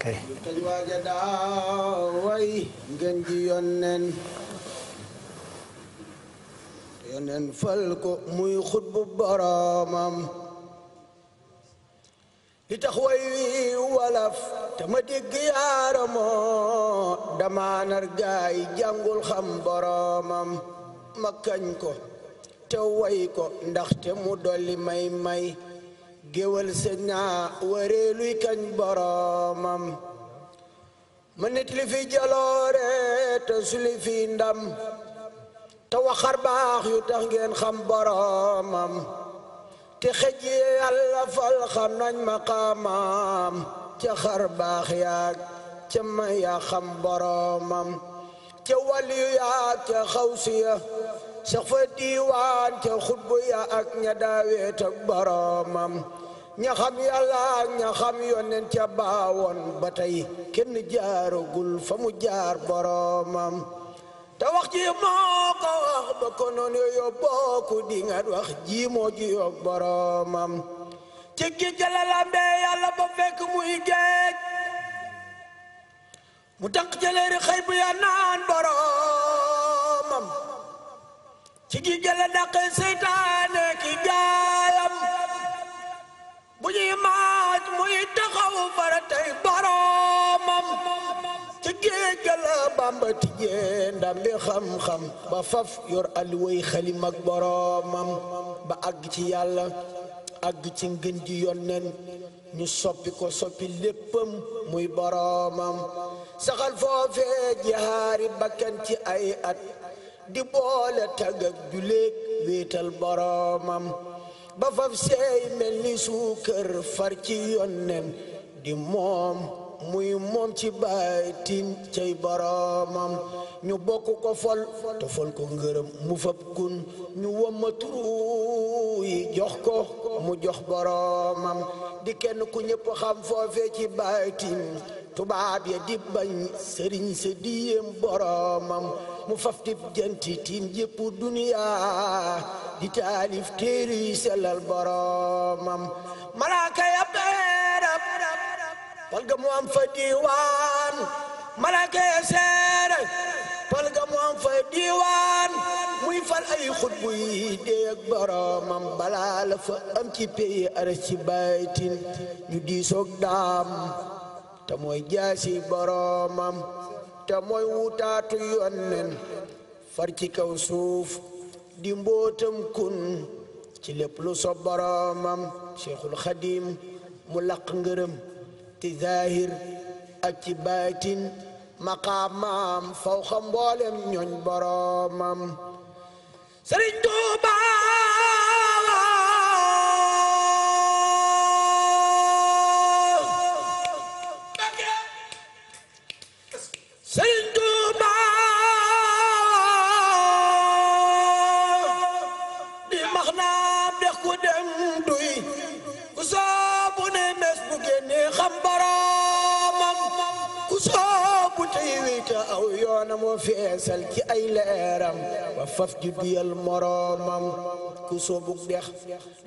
kay kañ waaja daaw way ngeen ji yonnen yonnen fal ko muy xutbu boroomam li way wi walaf te ma dégg yaaramoo damaanar gaay jàngul xam boroomam ma kañ ko te way ko ndaxte mu dolli may may جول سنا وريلي كان برامم من في جلارة تسلي في ندم تو خرباخ يتنجين خم برامم تخجي الله فالخنان مقامام تخرباخ يا تم يا خم برامم تولي يا تخوسيه sax fa diiwaan ca xutbu ya ak ña daaweet boroomam ña yàlla ak yonen ca baawoon ba tey kenn jaaragul fa mu jaar boroomam te wax ji moo ko wax ba konoon yooyu bokku di nga wax ji moo ji yoog boroomam ci ki jëla lambe yàlla ba fekk mu tànq jëleeri xëy bu ya boroom ci gi jëla daqe seytaane ki jaalam bu ñuy maaj muy taxaw faratay boroomam ci géej la bàmba tijjee ndam bi xam-xam ba faf yor aliway xalim ak boroomam ba àgg ci yàlla àgg ci ngën ji yonneen ñu soppi ko soppi léppam muy boroomam saxal foofee jihaari bakkan ci ay at di boole tagak juleeg wéetal boroomam ba faf seey mel ni suukër far ci yonnem di moom muy moom ci baatin cay boroomam ñu bokk ko fol te fol ko ngërëm mu fab kun ñu womma turu yi jox ko mu jox boroomam di kenn ku ñëpp xam foofee ci baatin tubaab ya di bañ sëriñ sa boroomam mu faf tib janti tiim jëpp duniyaa di taalif téere yi sellal boromam malaaka ya beerab pal ga mu am fa diiwaan malaaka ya seere pal ga mu am fa diiwaan muy fal ay xutbu yi déeg balaa la fa am ci peyi aras ci baytin ñu diisoog daam te mooy jaasi boromam te mooy wutaatu yonnen far ci kaw suuf di mbootam kun ci lépp lu so boroomam cheikhul xadim mu lakk ngërëm ci zahir ak ci baatin maqaamaam faw xam mboolem ñooñ boroomam sëriñ Tuuba aw yoonam wa feesal ci ay leeram ba faf ju diyal moroomam ku soobug dex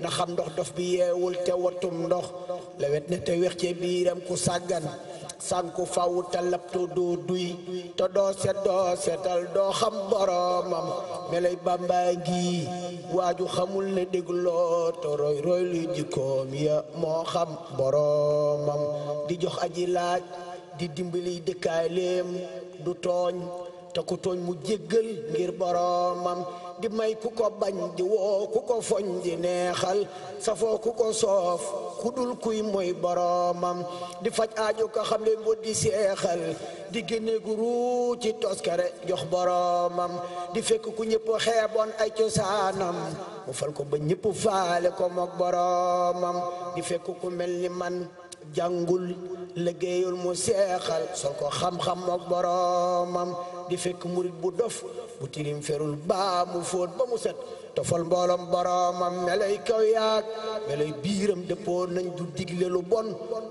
na xam ndox dof bi yeewul te watum ndox lewet na te wex ci ku sàggan sànku faw te laptu doo duy te doo set doo setal doo xam boroomam melay bàmbaa ngi waaju xamul ne dégloo te roy roy luy jikkoom ya moo xam boroomam di jox aji laaj di dimbali dëkkaaléem du tooñ te ku tooñ mu jéggal ngir boroomam di may ku ko bañ di woo ku ko foñ di neexal safoo ku ko soof ku dul kuy mooy boroomam di faj aajo ko xam ne mbot di seexal di génne guru ci toskare jox boroomam di fekk ku ñëpp xeeboon ay cosaanam mu fal ko ba ñëpp faale ko mook boroomam di fekk ku mel ni man jàngul liggéeyul mu seexal soo ko xam-xam ma boroomam di fekk murit bu dof bu tilim ferul baa mu fóot ba mu set tofal mboolom boroomam melay kaw yaag biiram dëppoo nañ du digle lu bon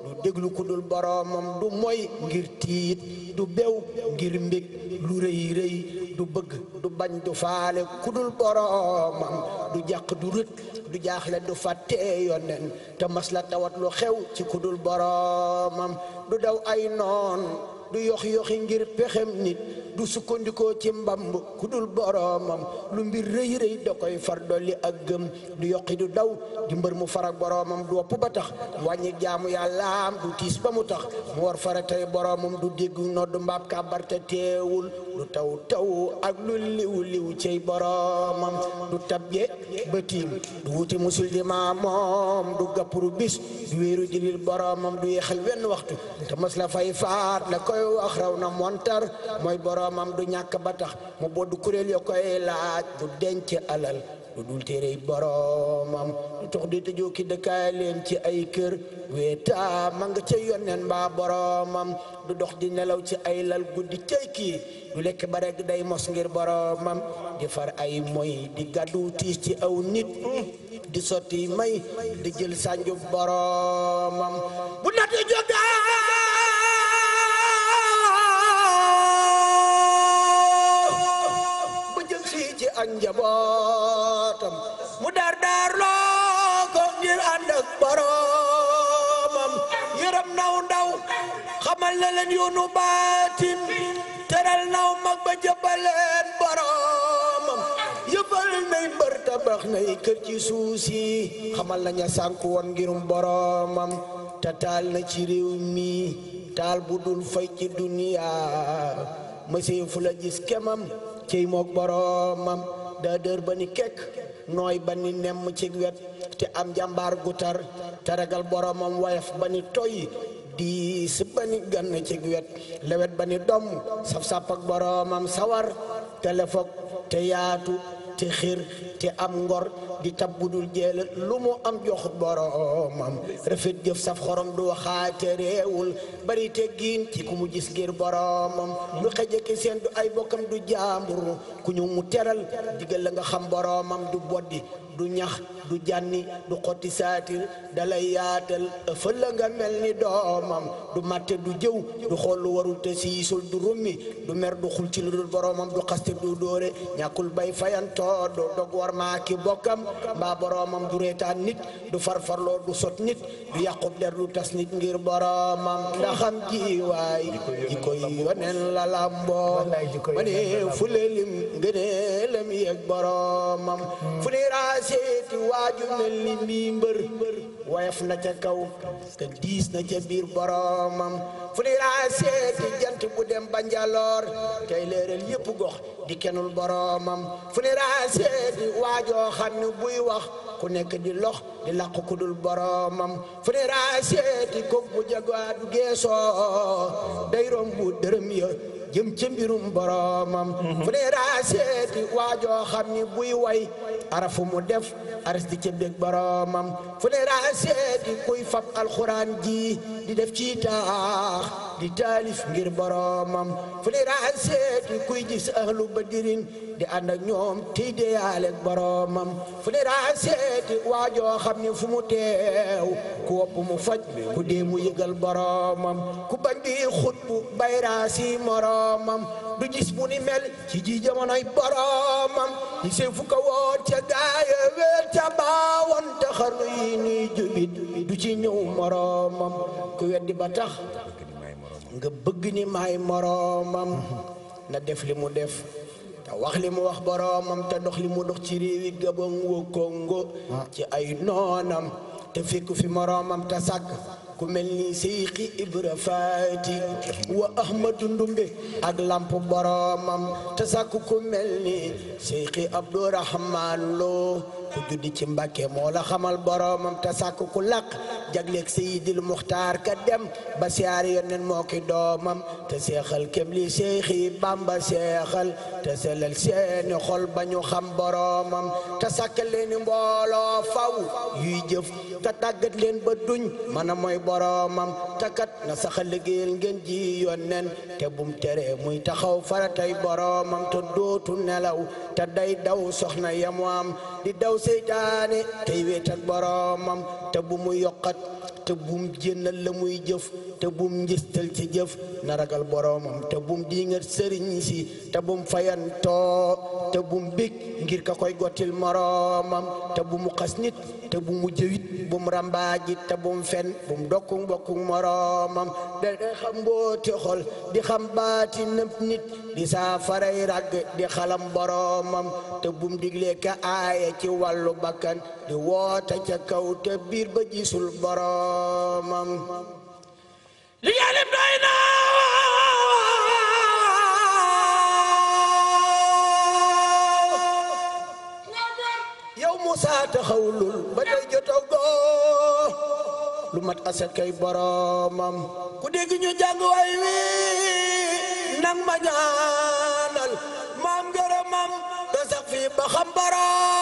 du déglu ku dul boroomam du moy ngir tiit du bew ngir mbég lu rëy rëy du bëgg du bañ du faale ku dul boroomam du jàq du rët du jaaxle du fàtte yonen te mas la tawat lu xew ci ku dul boroomam du daw ay noon du yox yoxi ngir pexem nit du sukkandikoo ci mbamb ku dul boroomam lu mbir rëy rëy da koy far dolli ak gëm du yoqi du daw di mbër mu farak boroomam du wopp ba tax wàññi jaamu am du tiis ba mu tax mu war faratay boroomam du dégg nodd mbaab kàbbar te teewul du taw taw ak lu liw liw cey boroomam du tabye bëtiim du wuti musul di maamoom du gappuru bis du wéeru jilil boroomam du yeexal wenn waxtu te la fay faat la koy wax raw na montar mooy boromam du ñàkk ba tax mu bodd kuréel yo koy laaj du denc alal du dul téerey boroomam du tox di tëjoo ki dëkkaay leen ci ay kër weeta ma nga ca yonneen mbaa boroomam du dox di nelaw ci ay lal guddi cay kii du lekk ba rek day mos ngir boroomam di far ay moy di gàddu tiis ci aw nit di sotti may di jël sànju boroomam bu natt jógaa ak njabootam mu dar daar loo ko ngir ànd ak boroomam yërëm naw ndaw xamal na leen yoonu baatin teral naw mag ba jëppaleen boroomam yëppal nay mbër tabax nay kër ci suus yi xamal na ña woon ngirum boroomam te taal na ci réew mi taal bu dul fay ci duniyaa mësee fu la gis kemam ciy moog boroomam daa ba ni kekk nooy ba ni nemm ci wet te am jàmbaar gu tar te ragal boroomam woyof ba ni toy diis ba ni gann ci wet lewet ba ni domm saf-sàpp boroomam sawar te lefoog te yaatu te xir te am ngor di tab budul jéela lu mu am jox boromam rafet jëf saf xorom du waxaate réewul bari teggiin ci ku mu gis ngir boromam lu xejeki seen du ay bokkam du jaambur ku ñu mu teral digal la nga xam boromam du boddi du ñax du jànni du xotti saatir dalay yaatal ëffël la nga mel ni doomam du màtte du jëw du xool lu warul te siisul du rummi du mer du xul ci lu dul boromam du xaste du dóore ñàkkul bay fayantoo dog war maa bokkam ba boromam du reetaan nit du farfarloo du sot nit du yàqub der du tas nit ngir boromam ndaxam ji waay jikko yi waneen ma ne fu lelim ngëneelam yeg boromam hmm. fu ne raaseeti waaju mel ni mii woyof na ca kaw te na ca biir boroomam fu di raaseeti jant bu dem ba njaloor tey yépp gox di kenul boroomam fu di raaseeti waajoo xam ne buy wax ku nekk di lox di làqu ku dul boroomam fu di raaseeti kook bu jago geesoo day romb dërëm ya jëm ci mbirum boromam mhm. fu dee daa seeti waajoo xam ni buy way arafu mu def aras di ci bég boromam fu alxuraan ji di def ci taax di taalif ngir boroomam fu ni raan seeti kuy gis ahlu di ànd ak ñoom tey deyaaleeg boroomam fu ni raan seeti waajoo xam ne fu mu teew ku wopp mu faj ku dee mu yëgal boroomam ku bañ di xutbu bayraasi moroomam du bu ni mel ci ji jamonoy boromam ñi sey fukka woon ca gaaya wéer ca baawoon xarnu yi nuy jubit du ci ñëw moromam ku weddi ba tax nga bëgg ni maay moromam na def li mu def te wax li mu wax boromam te dox li mu dox ci réewi Gabon woo ci ay noonam te fekk fi moromam te sàkk ku mel ni seyxi ibra faati wa ahmadu ndumbe ak lamp boromam te sàkk ku mel ni seyxi abdurahmaan loo ku juddi ci mbàkke moo la xamal boroomam te sàkk ku làq jagleeg sayidil muxtaar ka dem ba siyaar yonen moo ki doomam te seexal kem li seexi bamba seexal te selal seeni xol ba ñu xam boroomam te sàkkal leeni mbooloo faw yuy jëf te tàggat leen ba duñ mën a mooy boroomam te kat na saxa liggéeyal ngeen ji yonen te bum tere muy taxaw faratay boroomam te dootu nelaw te day daw soxna yamu am di daw seytaane tey wéet ak boroomam te bu mu yokkat te bum jénnal la muy jëf te bum njëstal ci jëf na ragal boroomam te bum diingat sëriñ si te bum fayantoo te bum bég ngir ka koy gottil moroomam te bumu xas nit te bumu jëwit bum rambaaji te bum fenn bum dokku mbokku moroomam da xam xol di xam baati nëpp nit di saafaray ragg di xalam boroomam te bum digle ka aaya ci wàllu bakkan di woota ca kaw te biir ba gisul boroom boromam li nga lépp doy na yow Moussa taxawlul ba tey jotagoo lu mat asakay boromam ku dégg ñu jàng way wi nang ma ñaanal maam gërëmam da sax fii ba xam borom